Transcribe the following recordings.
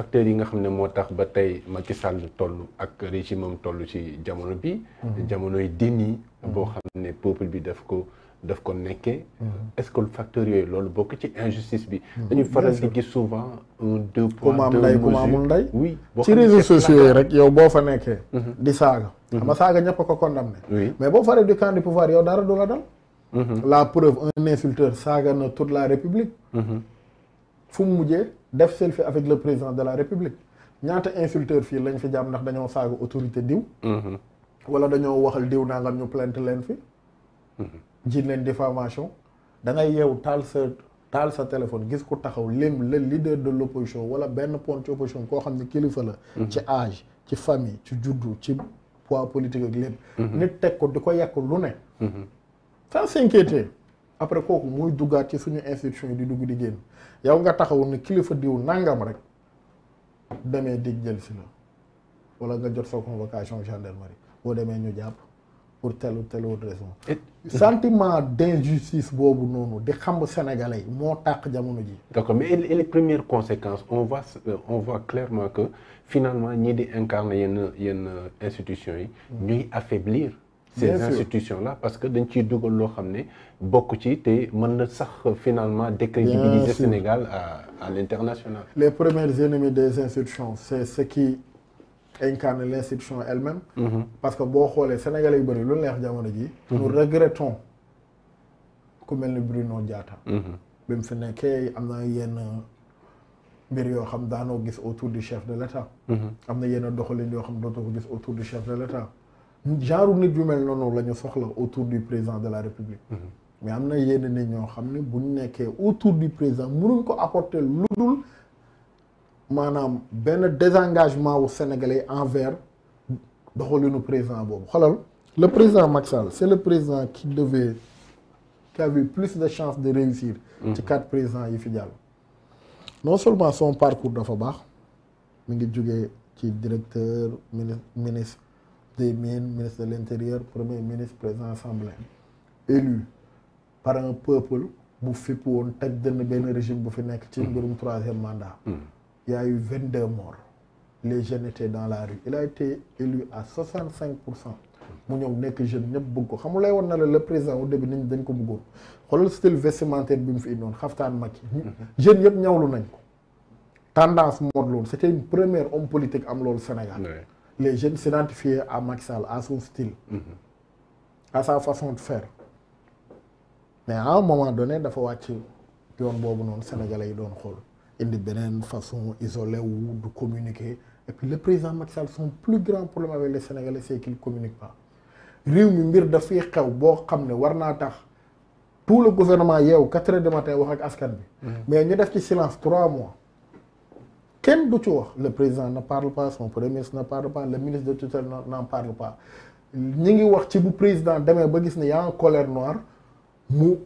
facteurs yi nga xam ne moo tax ba tey Macky Sall toll ak régime am toll ci jamono bi mhm. jamonoy déni mhm. boo xam ne peuple bi daf ko daf ko nekkee mhm. est-ce yooyu loolu bokk ci injustice bi dañu faral di gis souvent un deux poids deux mesures ku am ndey ku ma amul ndey oui ci réseaux sociaux yi rek yow boo fa nekkee di saaga xam nga saaga ñëpp a ko condamné oui mais boo faree du camp du pouvoir yow dara du la dal la preuve un insulteur saaga na toute la république fu mu mujjee def fi avec le président de la république ñaata insulteur fii lañ fi jàmm ndax dañoo saaga autorité diw mhm. wala dañoo waxal diw nangam ñu plainte leen fi mhm. jiit leen diffamation da ngay yeew taal sa taal sa téléphone gis ku taxaw lim le leader de l'opposition wala benn pont ci opposition koo xam ne kilifa la mhm. ci âge ci famille ci juddu ci poids politique ak lépp nit teg ko di ko yàq lu ne sans s'inquiéter après kooku muy duggaat ci suñu institution yi di dugg di génn yow nga taxaw ne kilifa diw nangam rek demee dig jël si la wala nga jot sa convocation gendarmerie boo demee ñu jàpp pour telle ou telle autre raison sentiment d'injustice boobu noonu di xam sénégalais yi moo tàq jamono ji d'accord mais et les premières conséquences on voit euh, on clairement que finalement ñii di incarner yenn yenn institutions yi mm. ñuy affaiblir ces institutions la parce que dañ ciy dugal loo xam ne bokk ci te mën na sax finalement décrédibiliser Sénégal à à l'international. les premières ennemis des institutions c'est ce qui incarne l'institution elle-même. Mhm. parce que boo xoolee Sénégalais yu bëri lu neex jamono ji mhm. nous regrettons ku mel ni Bruno Diatta. Mhm. bi mu fi nekkee am na yenn mbir yoo xam daanoo gis autour du chef de l'État. am na yenn doxalin yoo xam dootoo ko gis autour du chef de l'État. genre nit yu mel noonu la ñu soxla autour du président de la république mhm. mais am na yenn nit ñoo xam ne bu ñu nekkee autour du président mënuñ ko apporter lu dul maanaam benn désengagement wu sénégalais envers doxalinu président boobu xoolal le président Macky Sall c'est le président qui devait qui avait plus de chance de réussir mhm. ci quatre président yi fi jàll non seulement son parcours dafa baax mi ngi jógee ci directeur ministre des Mines, ministre de l'Intérieur, premier ministre, président assemblée. élu par un peuple bu fipp woon teg dënn benn régime bu fi nekk ci mbirum troisième mandat. Mm. il y a eu vingt deux morts. les jeunes étaient dans la rue il a élu à soixante cinq pour cent. mu ñëw nekk jeune ñëpp bëgg ko xam lay woon na la le président au début nit dañ ko bëggoon xoolal style vestimentaire bi mu fi indoon xaftaan mag yi. Mm-hmm. jeunes yëpp ñawlu nañ ko. tendance mode loolu c' était une première homme politique am loolu Sénégal. les jeunes s'identifiaient à Macky Sall, à son style, mm-hmm. à sa façon de faire. mais à un moment donné dafa wàcc yoon boobu noonu sénégalais yi doon xool indi beneen façon isolé wu du communiqué et puis le président Macky Sall son plus grand problème avec les sénégalais c'est qu'il communique pas réew mi mbir dafay xew boo xam ne war naa tax tout le gouvernement yeewu quatre heures du matin wax ak askan bi mm-hmm. mais ñu def ci silence trois mois kenn du ci wax le président na parle pas son premier ministre ne parle pas le ministre de tutelle n'en parle pas ñi ngi wax ci bu président demee ba gis ne y a colère noire mu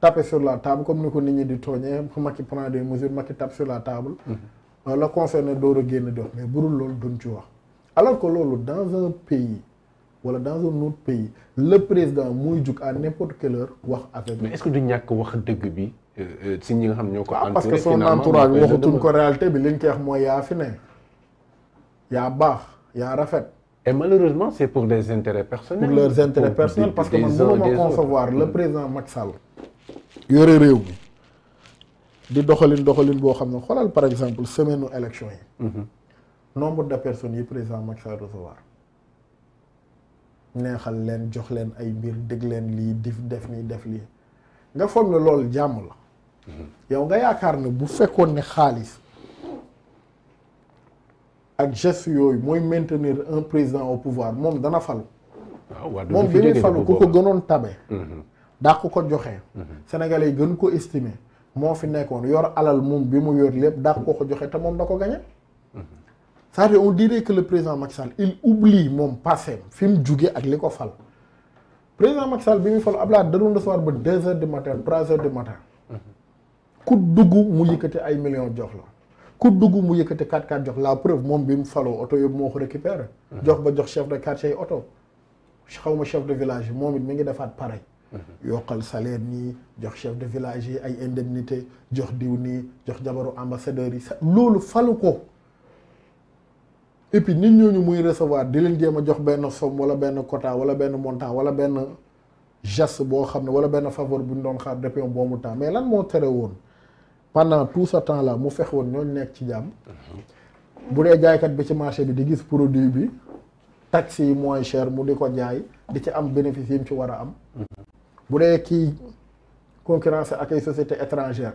tape sur la table comme ni ko nit ñi di tooñee Macky prend des mesures Macky tape sur la table mm-hmm. euh, la concerné door a génn di wax mais burul loolu duñ ci wax alors que dans un pays wala dans un autre pays le président muy jug a n'importe quelle heure wax affaire mais est-ce que du wax dëgg bi si euh, euh, ñi nga xam ñoo ko. Ah, parce que son entourage waxatuñ euh, ko réalité bi li ñu koy mooy yaa fi ne yaa baax yaa rafet. et malheureusement c'est pour des intérêts personnels. pour leurs intérêts personnels parce que man mënuma concevoir le président Macky Sall. yore réew mi di doxalin doxalin boo xam ne xoolal par exemple semaine nu élection yi. Mhm. nombre de personnes yi président Macky Sall recevoir. neexal leen jox leen ay mbir dégg leen lii dif def nii def lii nga foog la loolu jàmm la. yow nga yaakaar ne bu fekkoon ne xaalis ak geste yooyu mooy maintenir un président au pouvoir moom dana falu ah, moom bi muy falu ku ko gënoon tabe mm-hmm. daa ko ko joxe. Mm-hmm. sénégalais yi gën ko estimer moo fi nekkoon yor alal moom bi mu yor lépp daax ko ko joxe te moom da ko gañe mm-hmm. c'est-à-dire on dirait que le président Macky Sall il oublie moom passé fi mu jugee ak li ko fal président Macky Sall bi muy falu Abdoulaye da doon recevoir ba deux heures du matin trois heures du matin ku dugg mu yëkkati ay millions jox la ku dugg mu yëkkati 4-4 jox la preuve moom bi mu faloo oto yëpp moo ko récupéré jox ba jox chef de quartier yi oto xaw ma chef de village yi moom it mi ngi defaat pareil yokkal salaire nii jox chef de village yi ay indemnité jox diw nii jox jabaru ambassadeur yi loolu falu ko et puis nit ñooñu muy recevoir di leen jéem a jox benn somme wala benn quota wala benn montant wala benn geste boo xam ne wala benn faveur bu ñu doon xaar depuis un bon temps mais lan moo tere woon pendant tout ce temps la mu fex woon ñooñu nekk ci jàmm bu dee jaaykat bi ci marché bi di gis produit bi taxe yi moins cher mu di ko jaay di ci am bénéfice yi mu ci war a am bu dee kii concurrence ak ay société étrangère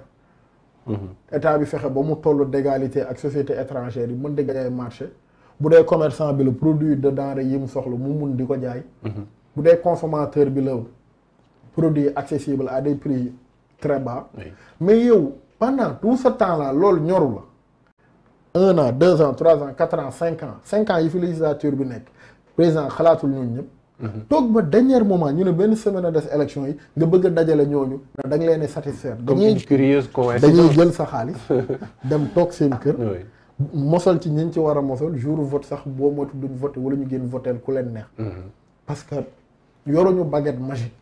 état bi fexe ba mu toll d'égalité ak société étrangère yi mën di gagner marché bu dee commerçant bi la produit de denrée yi mu soxla mu mun di ko jaay bu dee consommateur bi la produit accessible à des prix très bas mais yow pendant tout ce temps là loolu ñoru la un an deux ans trois ans quatre ans cinq ans cinq ans yi fi législature bi nekk président xalaatul ñun ñëpp. Mhm. toog ba dernier moment ñu ne benn semaine a des élection yi nga bëgg a dajale ñooñu. da nga leen di satisfaire. dañuy dañuy jël sa xaalis. dem toog seen kër. mosal ci ñi ci war a mosal jour vote sax boo moytu duñ vote wala ñu génn voteel ku leen neex. Mhm. parce que yoruñu baguette magique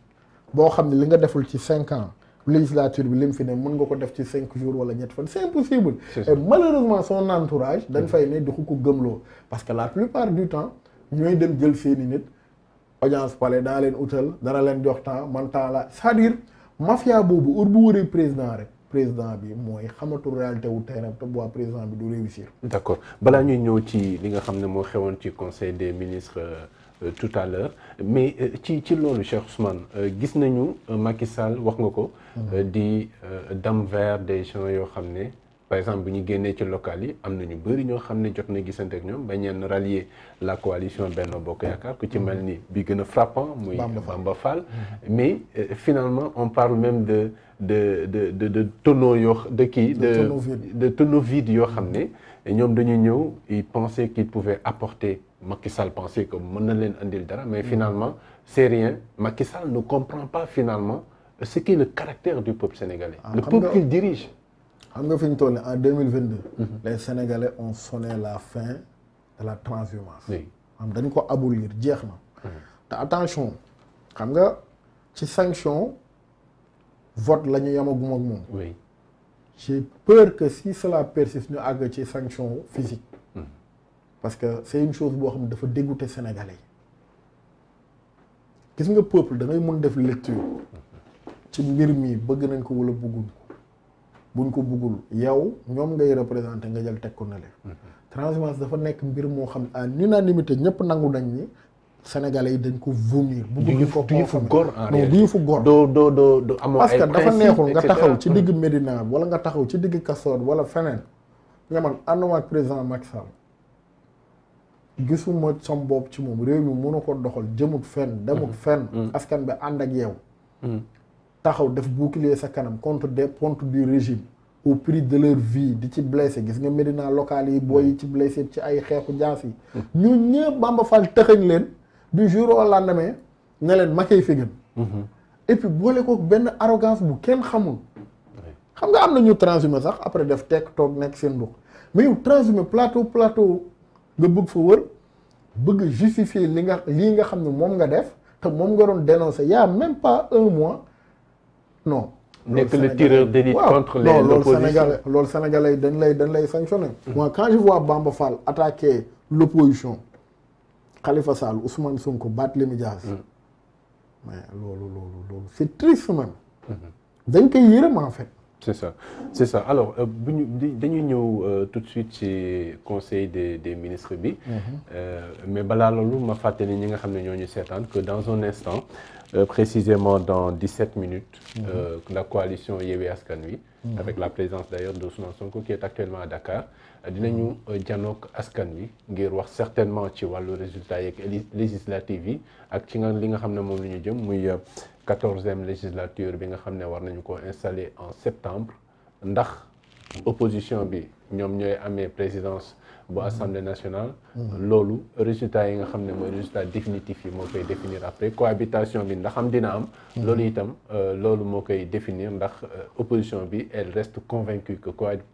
boo xam ne li nga deful ci cinq ans. législature bi mu fi ne mën nga ko def ci cinq jours wala ñett fan c'est impossible et malheureusement son entourage dañ mm-hmm. fay ne du ko loo parce que la plupart du temps ñooy dem jël seeni nit audience palais daa leen utal dana leen jox temps man temps la cest à mafia boobu heure bu wëree président rek président bi mooy xamatu réalité wu terrain te bu waa président bi du réussir d'accord balaa ñuy ñëw ci li nga xam ne moo xewoon ci conseil des ministres euh, Euh, tout à l'heure mais euh, ci ci loolu Cheikh Ousmane euh, gis nañu Macky Sall wax nga ko mm-hmm. di dam vers des gens yoo xam ne par exemple bu ñu génnee ci local yi am na ñu bëri ñoo xam ne jot na gisante ak ñoom ba ñenn rallier la coalition Benno Bokk Yaakaar ku ci mm-hmm. mel ni bi gën a frappant muy Bamba Fall mm-hmm. mais finalement on parle même de de de de de tonneau yoo de de de tonneau vide yoo xam ne ñoom dañu ñëw ils pensaient qu'ils apporter Macky Sall pensait que mën na leen indil dara mais finalement c'est rien Macky Sall ne comprend pas finalement ce qu'est le caractère du peuple sénégalais ah, le peuple qu'il dirige xam nga fi ñu toll en 2022 mhm. les sénégalais on sonné la fin de la transhumance xam dañ ko abolir jeex na mhm. te attention xam nga ci sanction vote la ñu yemagum ak moom j'ai peur que si cela persiste ñu àgg ci sanction physique parce que c'est une chose boo xam ne dafa dégoûter Sénégalais yi gis nga peuple da ngay mën def lecture ci mbir mii bëgg nañ ko wala bëgguñ ko buñ ko bëggul yow ñoom ngay représenter nga jël teg ko na leen. Mm-hmm. dafa nekk mbir moo xam ne en unanimité ñëpp nangu nañ ni Sénégalais yi dañ ko vomir. bëgguñu ko du yëfu góor en réalité doo doo doo doo parce que dafa neexul nga taxaw ci digg mm-hmm. Médina wala nga taxaw ci digg Kastoor wala feneen nga man ànduma président Macky gisuma sam bopp ci moom réew mi mënu ko doxal jëmut fenn demut mm-hmm. fenn mm-hmm. askan bi ànd ak yow mm-hmm. taxaw def bouclier sa kanam contre des contre du régime au prix de leur vie di ci blessé gis nga Médina local yi booy yi ci blessé ci ay xeexu jaas yi ñu ñëpp Bamba Fall tëxañ leen du jour au lendemain ne leen ma koy fi gën et puis boole ko benn arrogance bu kenn xamul xam nga am na ñu transhumé sax après def tekk toog nekk seen ndox mais yow plateau plateau nga bëgg fa bëgg justifier li nga lii nga xam ne moom nga def te moom nga doon dénoncer y même pas un mois non. nekk le tireur d'élite contre les oppositions loolu Sénégal loolu Sénégalais dañ lay dañ lay sanctionner. Hmm. moi quand je vois Bamba Fall attaquer l'opposition Khalifa Sall Ousmane Sonko Barthélémy Dias. Hmm. mais loolu loolu loolu c'est triste même. Hmm. dañ koy yërëm en fait. c'est ça c'est ça alors euh, bu ñu dañuy ñëw euh, tout de suite ci conseil des des ministres bi. Mm-hmm. Euh, mais balaa loolu ma fàttali ñi nga xam ne ñoo ñu seetaan que dans un instant euh, précisément dans 17 minutes. Mm-hmm. Euh, la coalition Yewwi Askan Wi. Mm-hmm. avec la présence d'ailleurs d'Ousmane Sonko qui est actuellement à Dakar. Euh, dinañu janook askan wi ngir wax certainement ci wàllu résultat yeeg législative yi ak ci nga li nga xam ne moom la ñu jëm muy. quatorzième législature bi nga xam ne war nañu ko installer en septembre ndax opposition bi ñoom ñooy amee présidence bu assemblée nationale mm-hmm. loolu résultat yi nga xam ne mooy résultat définitif yi moo koy définir après cohabitation bi ndax am dina am mm-hmm. loolu itam euh, loolu moo koy définir ndax euh, opposition bi elle reste convaincue que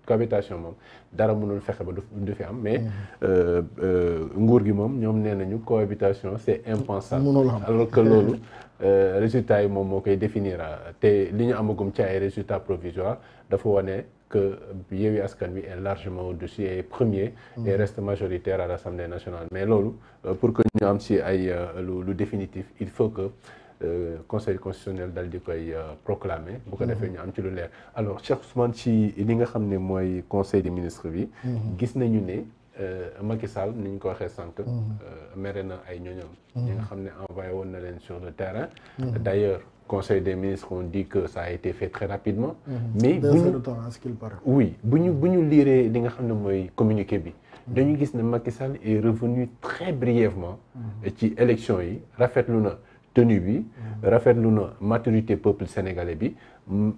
cohabitation moom dara mënul fexe ba du fi am mais mm-hmm. euh, nguur gi moom ñoom nee nañu cohabitation c'est impensable alors que loolu Euh, résultat yi moom moo koy définira ah, te li ñu amagum ci ay résultats provisoires dafa wane que Yewwi Askan Wi est largement au-dessus et premier mmh. et reste majoritaire à l'Assemblée nationale mais loolu euh, pour que ñu am ci ay euh, lu lu définitif il faut que conseil constitutionnel dal di koy proclamer bu ko mmh. defee ñu am ci lu leer alors Cheikh Ousmane ci li nga xam ne mooy conseil des ministre bi mmh. gis nañu ne Euh, Macky Sall ni ñu ko waxee sant. Mhm. Euh, mere na ay ñoñam. Mhm. ñi nga xam ne envoyé woon na leen sur le terrain. Mhm. d'ailleurs conseil des ministres on di que ça a été fait très rapidement. mais bu ñu oui bu ñu bu ñu liiree li nga xam ne mooy communiqué bi. dañu gis ne Macky Sall est revenu très brièvement. ci élection yi rafetlu na tenue bi. rafetlu na maturité peuple sénégalais bi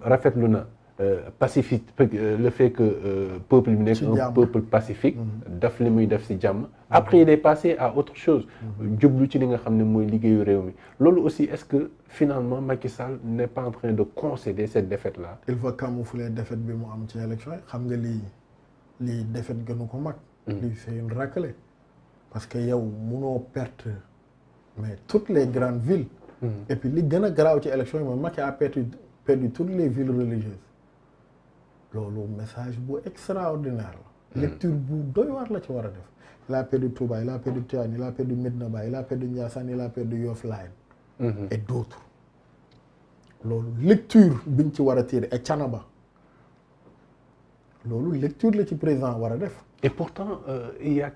rafetlu na. Euh, pacifique euh, le fait que euh, peuple bi nekk un peuple pacifique mhm. def li muy def si jàmm mhm. après il est passé à autre chose mhm. jublu ci li nga xam ne mooy liggéeyu réew mi loolu aussi est-ce que finalement Macky Sall n'est pas en train de concéder cette défaite là il va camoufler défaite bi mu am ci élection yi xam nga lii lii défaite gënu ko mag lii c'est une raclée parce que yow munoo perte mais toutes les grandes villes et puis li gën a garaaw ci élection yi mooy Macky a perdu les villes loolu message bu extraordinaire la. lecture bu doy waar la ci war a def. la paix de Touba la paix de Tivaouane la paix de Medina Baye la paix de Ndiassane la paix de Yoff Layène. Mhm. et d' loolu lecture biñ ci war a tirer et canaba loolu lecture la ci président war a def. et pourtant euh, il y a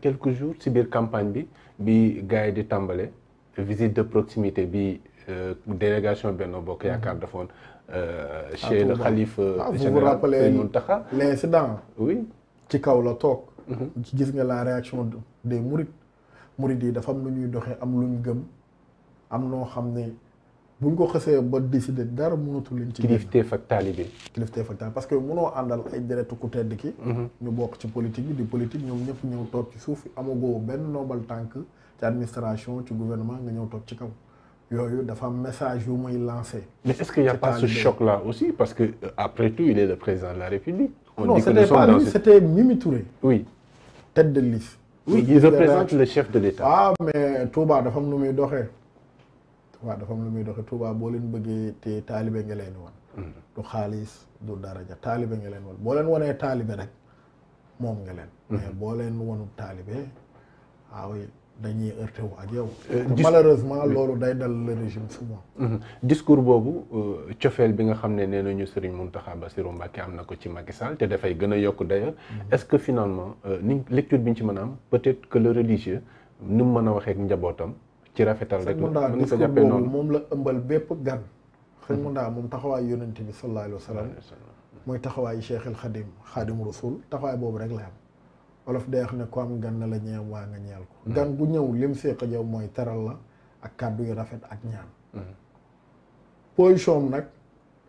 ci biir campagne bi bi gars yi di tàmbale visite de proximité bi euh, délégation Benno Bokk Yaakaar mhm. defoon. chez le khalife général Serigne Mountakha l'incident oui ci kaw la toog mhm. gis nga la réaction de mourides mourides yi dafa am lu ñuy doxee am lu ñu gëm am noo xam ne buñ ko xësee ba décider dara mënatu leen ci kilifteef ak taalibe kilifteef ak taalibe parce que mënoo àndal ay deretu ku tedd ki mhm. ñu bokk ci politique bi di politique ñoom ñëpp ñëw toog ci suuf amagoo benn nobal tànk ci administration ci gouvernement nga ñëw toog ci kaw yooyu dafa am message yu muy lancé. mais est-ce qu'il n'y a pas ce choc-là aussi parce que euh, après tout il est le président de la République. on non, dit que nous sommes dans non c'était Mimi Touré. oui tête de liste. oui il représente le chef de l'État. ah mais Touba dafa am nu muy doxee. Touba dafa am nu muy doxee Touba boo leen bëggee te taalibe nga leen wan. Hmm. du xaalis du daraja taalibe nga leen wan boo leen wanee taalibe rek moom nga leen. Hmm. mais boo leen wanu taalibe ah dañuy heurté ak yow. Euh, malheureusement loolu day dal le régime souvent. Mm-hmm. discours boobu euh, cofeel bi nga xam ne nee nañu Serigne Mountakha Bassirou Mbacké am na ko ci Macky Sall te dafay gën a yokk d'ailleurs. Mm-hmm. est-ce que finalement euh, ni lecture bi ñu ci mën a am peut-être que le religieux ni mu mën a waxee ak njabootam ci rafetal rek. mën nga ko jàppee noonu moom la ëmbal bépp gan. sëñ mm-hmm. Mountakha moom taxawaay yonent bi sallallahu alayhi wa sallam. mooy taxawaayu Cheikh El Khadim Khadim Rasoul taxawaay boobu rek la am. olof day wax ne ko am gan na la ñeem waa nga ñeel ko mm-hmm. gan gu ñëw lim séq yow mooy teral la ak kàddu yu rafet ak ñaan mm-hmm. position nag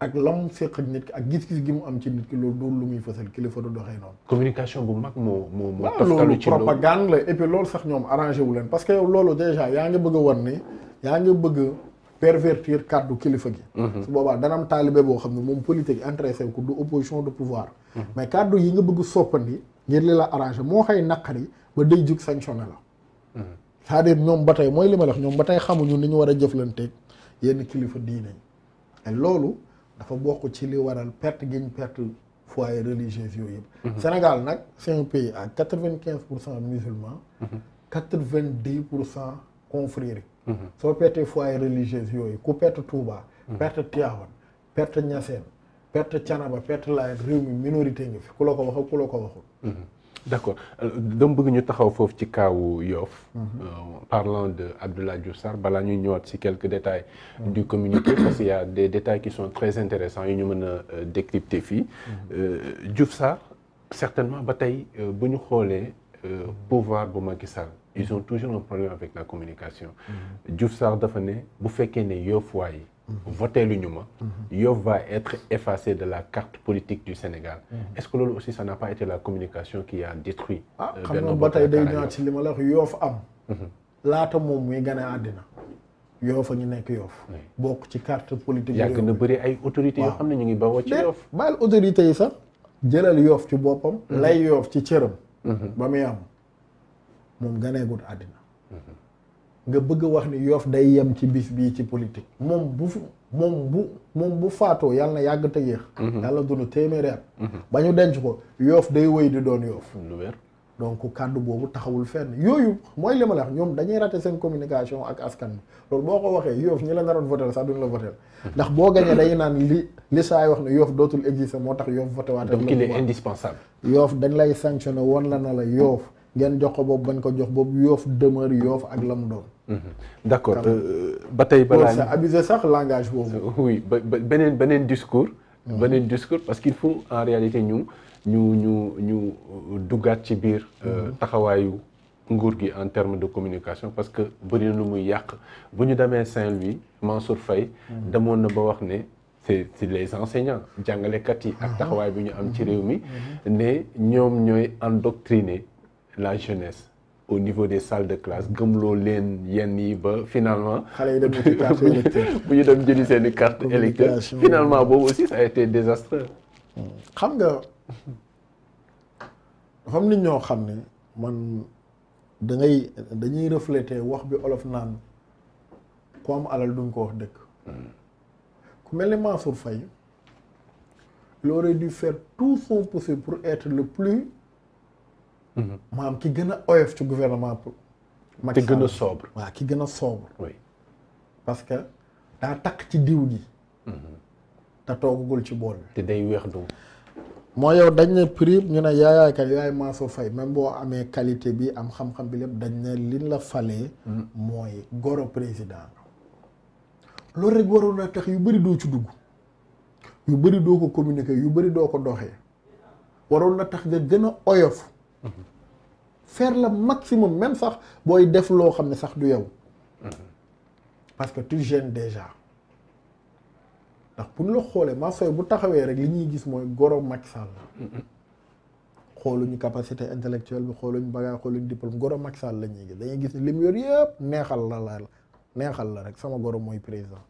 ak lam séq ak nit ki ak gis-gis gi mu am ci nit ki loolu doolu lu muy fësal kilifa du doxee noonu communication bu mag moo moo moo loolu propagande la et puis loolu sax ñoom arrangé wu leen parce que yow loolu déjà yaa ngi bëgg a wan ni yaa ngi bëgg pervertir kàddu kilifa gi mm-hmm. su boobaa dana am boo xam ne moom politique intéressé ko du opposition mais kàddu yi nga bëgg soppandi ngir li la arrangé moo xëy naqari ba day jug sanctionné la c'est-à-dire ñoom ba tey mooy li ñoom ba tey xamuñu ni ñu war a jëflanteeg yenn kilifa diine yi loolu dafa bokk ci li waral perte gi ñu perte foyer religieux yooyu yëpp mhm. nag c'est un pays à quatre vingt quinze pour cent musulmans mhm. quatre vingt dix pour cent confréries mhm. soo perte foyer religieux yooyu ku perte Touba perte Tivaouane perte Niassène perte canaba perte laay réew minorité ngi fi ku la ko wax ak ku la ko waxul. Mhm. d'accord euh, dama bëgg ñu taxaw foofu ci kaawu yoof mhm. euh, parlant de Abdoulaye Diouf Sarr balaa ñuy ñëwaat si quelques détails du communiqué parce qu'il y a des détails qui sont très intéressants yu ñu mën a euh, décrypter fii mhm. Diouf Sarr certainement ba tey bu ñu xoolee pouvoir bu Macky Sall ils ont toujours un problème avec la communication Diouf Sarr dafa ne bu fekkee ne Yoff waaye voté lu ñu ma Yoff va être effacé de la carte politique du Sénégal mm-hmm. est-ce que loolu aussi ça n'a pas été la communication qui a détruit euh, ah xam nga ba tey day ñëwaat ci li ma la wax am mm-hmm. laata moom muy gane àddina Yoff a ñu nekk Yoff bokk ci carte politique yàgg na bëri ay autorité yoo xam ne ñu ngi bawoo ci Yoff bàyyil autorités yi sax jëlal Yoff ci boppam mm-hmm. lay Yoff ci cëram ba muy am moom ganeegut àddina nga bëgg a wax ni yoof day yem ci biis bii ci politique moom bu fu moom bu moom bu faatoo yàlla na yàgg te yéex mhm. yàlla dund téeméeri at mhm. ba ñu denc ko yoof day wéy di doon Yoff donc kàddu boobu taxawul fenn yooyu mooy li ma la wax ñoom dañuy raté seen communication ak askan bi loolu boo ko waxee Yoff ñi la naroon voté sax duñ la voté mhm. ndax boo gañee dañuy naan li li saay wax ne Yoff dootul exister moo tax Yoff voté waat donc il est indispensable yoof dañ lay sanctionné woon la na la Yoff ngeen jox ko boobu bañ ko jox boobu yoof demeure yoof ak la mu doon. Mhm. d'accord euh, ba tey ba c'est abusé sax langage boobu. Euh, oui ba beneen beneen discours. Mhm. beneen discours parce qu'il faut en réalité ñu ñu ñu ñu duggaat ci biir. Euh, mhm. taxawaayu nguur gi en terme de communication parce que bëri lu muy yàq bu ñu demee Saint-Louis Mansour Faye. demoon na ba wax ne. c'est c'est les enseignants jàngalekat yi. ak taxawaay bu ñu am ci réew mi. ne ñoom ñooy endoctriner. la jeunesse au niveau des salles de classe gëmloo leen yenn yi ba finalement. xale yi dem ci carte électeur bu ñu dem jëli seen finalement boobu aussi ça a été désastreux. xam nga dafa am nit ñoo xam ne man da dañuy refléter wax bi olof naan ku am alal duñ ko wax dëkk. Hmm. ku mel ni Mansour Faye il aurait dû faire tout son possible pour être le plus. Mhm. maam ki gën a oyof ci gouvernement pour. Macky Sall ki gën a sobre. waaw ki gën a sobre. oui que daa takk ci diw gi. Mhm. te toogagul ci bool bi. te day weex du. moo yow dañ ne prix ñu ne yaayaay kat yaay maaso fay même boo amee qualité bi am xam-xam bi lépp dañ ne liñ la fale mhm. mooy goro président. loolu rek waroon na tax yu bëri doo ci dugg yu bëri doo ko communiquer yu bëri doo ko doxee waroon na tax nga gën a oyof. faire le maximum même sax booy def loo xam ne sax du yow parce que tu gênes déjà ndax bu ñu la xoolee Mansour bu taxawee rek li ñuy gis mooy goro Macky xoolu ñu capacité intellectuelle bi xooluñu bagage xooluñu diplôme goro Macky Sall la ñuy gis dañuy gis ne li mu yor yëpp neexal la la neexal la rek sama goro mooy président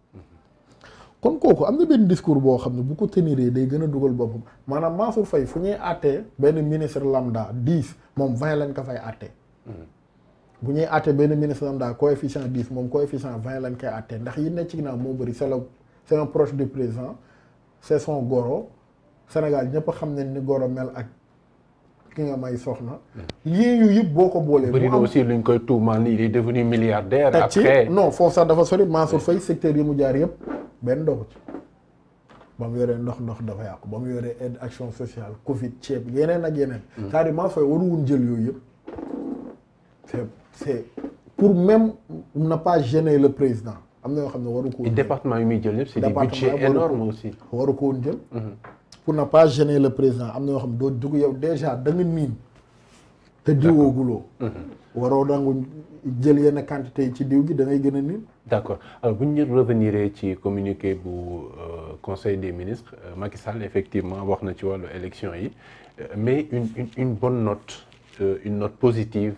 kon kooku am na benn discours boo xam ne bu ko teniree day gën a dugal boppam maanaam Mansour fay fu ñuy àttee benn ministre lambda dix moom vingt lañ ko fay àttee. Hmm. bu ñuy àttee benn ministre lambda coefficient dix moom coefficient vingt lañ koy àttee ndax yi ne ci ginnaaw moo bëri c'est le c'est un proche du président c'est son goro Sénégal ñëpp xam nañ ni goro mel ak. ki nga may soxna. yéen hmm. yu yëpp boo ko boolee. bëri na aussi luñ koy tuumaal nii il est devenu milliardaire. après non sax dafa sori Mansour hmm. Faye secteur yi mu jaar yëpp. benn doxu ci ba mu yoree ndox ndox dafa yàqu ba mu yoree aide action sociale Covid ceeb yeneen ak yeneen. Mm. cest à waru woon jël yooyu yëpp. c'est pour même ne pas gêner le président am na yoo xam ne waru ko woon. yi muy jël yëpp c'est des budgets ko woon jël. Mm-hmm. pour ne pas gêner le président am na yoo xam ne doo dugg yow déjà da nga te diwooguloo mhm. waroo dangu jël yenn quantité yi ci diw gi da ngay gën a niin d' accord bu ñu revenir ci communiqué bu euh, conseil des ministres euh, Macky Sall effectivement wax na ci wàllu élection yi euh, mais une une not bonne note une note positive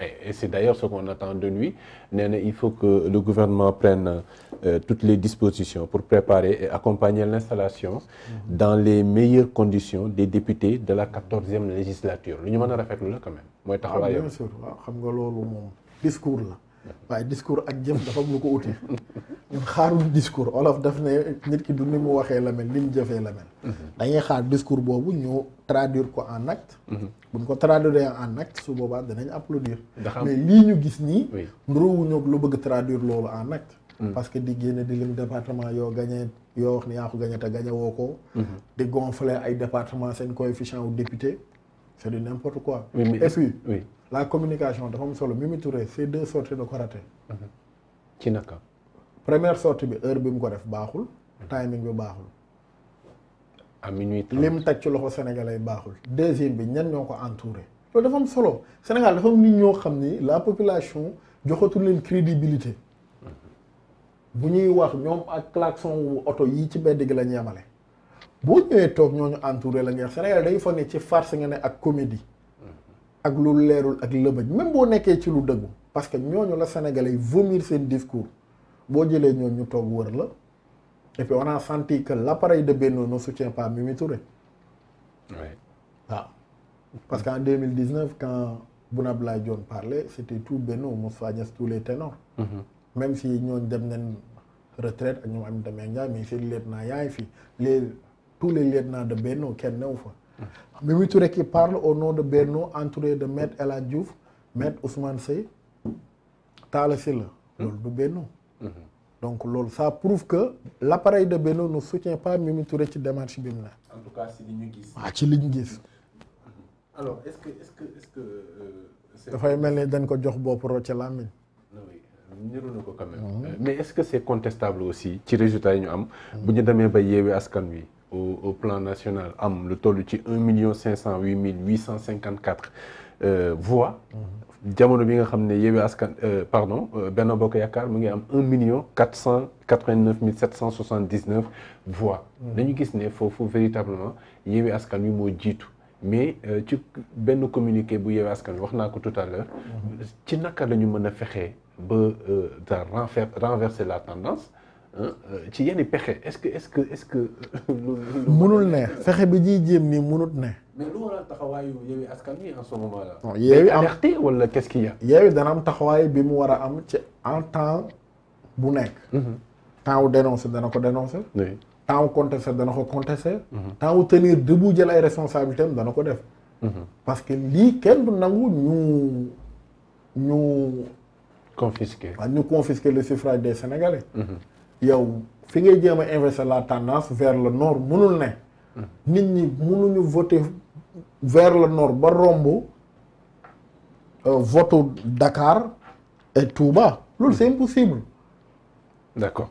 et c'est d'ailleurs ce qu'on attend de lui nee na il faut que le gouvernement prenne euh, toutes les dispositions pour préparer et accompagner l'installation mm-hmm. dans les meilleures conditions des députés de la quatorzième législature lu ñu mën a rafetlu la quand même mooy ah, taxawaayam bien sûr waaw ah, xam nga loolu moom discours la waaye discours ak jëf dafa am lu ko uti ñun xaarul discours olof daf ne nit ki du ni mu waxee la mel ni mu jëfee la mel mhm. xaar discours boobu ñu traduire ko en acte mhm. buñ ko traduire en acte su boobaa danañ applaudir mais lii ñu gis nii nduroowuñu ak lu bëgg tradure loolu en acte mhm. parce que di génn di lim département yoo gagné yoo wax ni yaa ko gagné te gagné woo ko di gonfler ay département seen coefficient wu député c'est du n'importe quoi et puis la communication dafa am solo Mimi Touré ces de sorties da ko raté. Mhm. ci naka. première sortie bi heure bi mu ko def baaxul. timing bi baaxul. à minuit lim teg ci loxo sénégalais baaxul. deuxième bi ñan ñoo ko entouré. loolu dafa am solo Sénégal dafa am nit ñoo xam ni la population joxatul leen crédibilité. Mhm. bu ñuy wax ñoom ak klaxon wu oto yii ci mbedd gi la ñu yemale. boo ñëwee toog ñooñu entouré la nga Sénégal day foog ne ci farce nga ne ak comédie. ak lu leerul ak lëbëj même boo nekkee ci lu dëggu parce que ñooñu la sénégalais yi vomir seen discours boo jëlee ñooñu ñu toog wër la et puis on a senti que l' appareil de Benno ne soutient mi Mimi Touré. Ah. parce que en mille dix neuf quand Boun Abdallah Dionne parlait c' était tout Benno Moustapha Niasse tous les ténors. Mm-hmm. si ñoo dem nañ retraite ak ñoom Aminata Mbengue Ndiaye mais seen lieutenant yaa ngi fi les tous les naa de Benno kenn newu fa. Mimi Touré qui parle au nom de Benno entre de Maître El Hadj Diouf Maître Ousmane Seye Talla Sylla loolu du Benno donc loolu ça prouve que l'appareil de Benno ne soutient pas Mimi Touré ci démarche bi mu ne en ci li ñu gis waaw ah, ci li ñu gis mhm. alors est-ce que est-ce que est-ce euh, dafay mel ni dañ ko jox bopp rocce làmmiñ niru na ko quand même mhm. euh, mais est-ce que c'est contestable aussi ci résultat yi ñu am mhm. bu ñu demee ba yeewee askan wi au au plan national am lu toll ci un million cinq cent huit mille huit cent cinquante quatre euh, mhm. jamono bi nga xam ne Yewwi Askan euh, pardon euh, Benno Bokk Yaakaar mu ngi am un million quatre cent quatre vingt neuf dañu gis ne foofu véritablement Yewwi Askan wi moo jiitu. mais ci benn communiqué bu Yewwi Askan bi wax naa ko tout à l'heure mhm. ci naka la ñu mën a fexee ba da renverser la tendance. Euh, ci yenn pexe est-ce que est-ce que est-ce que. Euh, mënul ne fexe bi ñuy jéem nii mënut ne. mais lu waral taxawaayu Yewwi Askan Wi en ce moment là. non Yewwi am alerté y dana am taxawaay bi mu war a am ci en temps bu nekk. Mhm. temps wu dénoncer dana ko dénoncer. oui temps wu contester dana ko contester. Mhm. temps wu tenir debout jël ay responsabilités am dana ko def. Mhm. parce que lii kenn du nangu ñu ñu. confisquer waaw ñu confisquer le suffrage des Sénégalais. yow fi ngay jéem a inverser la tendance vers le nord mënul ne. nit ñi mënuñu voter vers le nord ba romb euh, votu dakaar et Touba loolu c'est impossible. d'accord